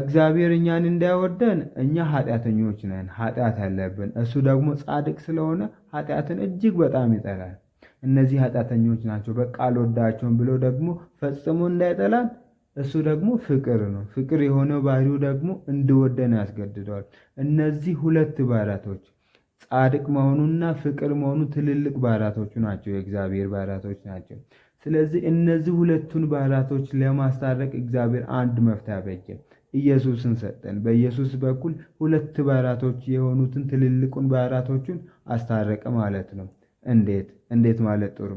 እግዚአብሔር እኛን እንዳይወደን እኛ ኃጢአተኞች ነን፣ ኃጢአት አለብን። እሱ ደግሞ ጻድቅ ስለሆነ ኃጢአትን እጅግ በጣም ይጠላል። እነዚህ ኃጢአተኞች ናቸው፣ በቃ አልወዳቸውም ብሎ ደግሞ ፈጽሞ እንዳይጠላን እሱ ደግሞ ፍቅር ነው። ፍቅር የሆነው ባህሪው ደግሞ እንድወደን ያስገድደዋል። እነዚህ ሁለት ባህሪያቶች ጻድቅ መሆኑና ፍቅር መሆኑ ትልልቅ ባህሪያቶቹ ናቸው፣ የእግዚአብሔር ባህሪያቶች ናቸው። ስለዚህ እነዚህ ሁለቱን ባህሪያቶች ለማስታረቅ እግዚአብሔር አንድ መፍትሄ አበጀ። ኢየሱስን ሰጠን። በኢየሱስ በኩል ሁለት ባህራቶች የሆኑትን ትልልቁን ባህራቶቹን አስታረቀ ማለት ነው። እንዴት እንዴት ማለት ጥሩ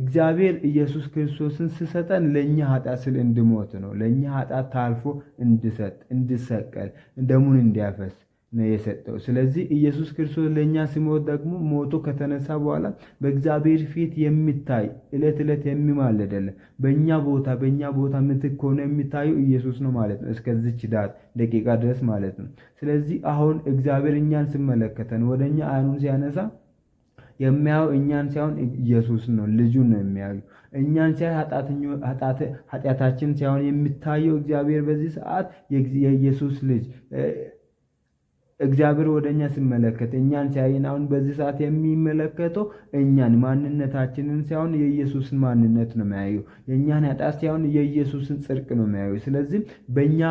እግዚአብሔር ኢየሱስ ክርስቶስን ስሰጠን ለእኛ ኃጢአት ስል እንድሞት ነው። ለእኛ ኃጢአት ታልፎ እንድሰጥ እንድሰቀል ደሙን እንዲያፈስ ነው የሰጠው። ስለዚህ ኢየሱስ ክርስቶስ ለእኛ ሲሞት ደግሞ ሞቶ ከተነሳ በኋላ በእግዚአብሔር ፊት የሚታይ እለት እለት የሚማለደለን በእኛ ቦታ በእኛ ቦታ ምትክ ሆኖ የሚታየው ኢየሱስ ነው ማለት ነው፣ እስከዚች ዳት ደቂቃ ድረስ ማለት ነው። ስለዚህ አሁን እግዚአብሔር እኛን ሲመለከተን ወደ እኛ አይኑን ሲያነሳ የሚያየው እኛን ሳይሆን ኢየሱስ ነው፣ ልጁን ነው የሚያዩ። እኛን ሳይ ኃጢአታችን ሳይሆን የሚታየው እግዚአብሔር በዚህ ሰዓት የኢየሱስ ልጅ እግዚአብሔር ወደ እኛ ሲመለከት እኛን ሲያይን፣ አሁን በዚህ ሰዓት የሚመለከተው እኛን ማንነታችንን ሳይሆን የኢየሱስን ማንነት ነው የሚያዩ። የእኛን ኃጢአት ሳይሆን የኢየሱስን ጽድቅ ነው የሚያዩ። ስለዚህ በእኛ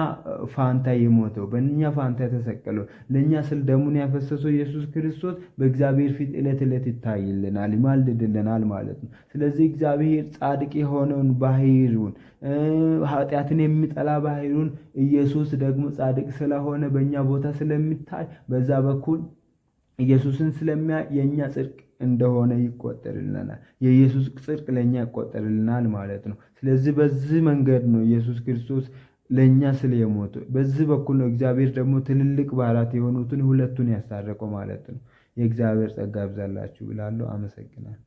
ፋንታ የሞተው በእኛ ፋንታ የተሰቀለው ለእኛ ስል ደሙን ያፈሰሰው ኢየሱስ ክርስቶስ በእግዚአብሔር ፊት ዕለት ዕለት ይታይልናል፣ ይማልድልናል ማለት ነው። ስለዚህ እግዚአብሔር ጻድቅ የሆነውን ባህሩን ኃጢአትን የሚጠላ ባህሩን ኢየሱስ ደግሞ ጻድቅ ስለሆነ በእኛ ቦታ ስለሚታ በዛ በኩል ኢየሱስን ስለሚያ የእኛ ጽድቅ እንደሆነ ይቆጠርልናል። የኢየሱስ ጽድቅ ለእኛ ይቆጠርልናል ማለት ነው። ስለዚህ በዚህ መንገድ ነው ኢየሱስ ክርስቶስ ለእኛ ስለ በዚህ በኩል ነው። እግዚአብሔር ደግሞ ትልልቅ በዓላት የሆኑትን ሁለቱን ያስታረቀው ማለት ነው። የእግዚአብሔር ጸጋ ብዛላችሁ ብላለሁ። አመሰግናል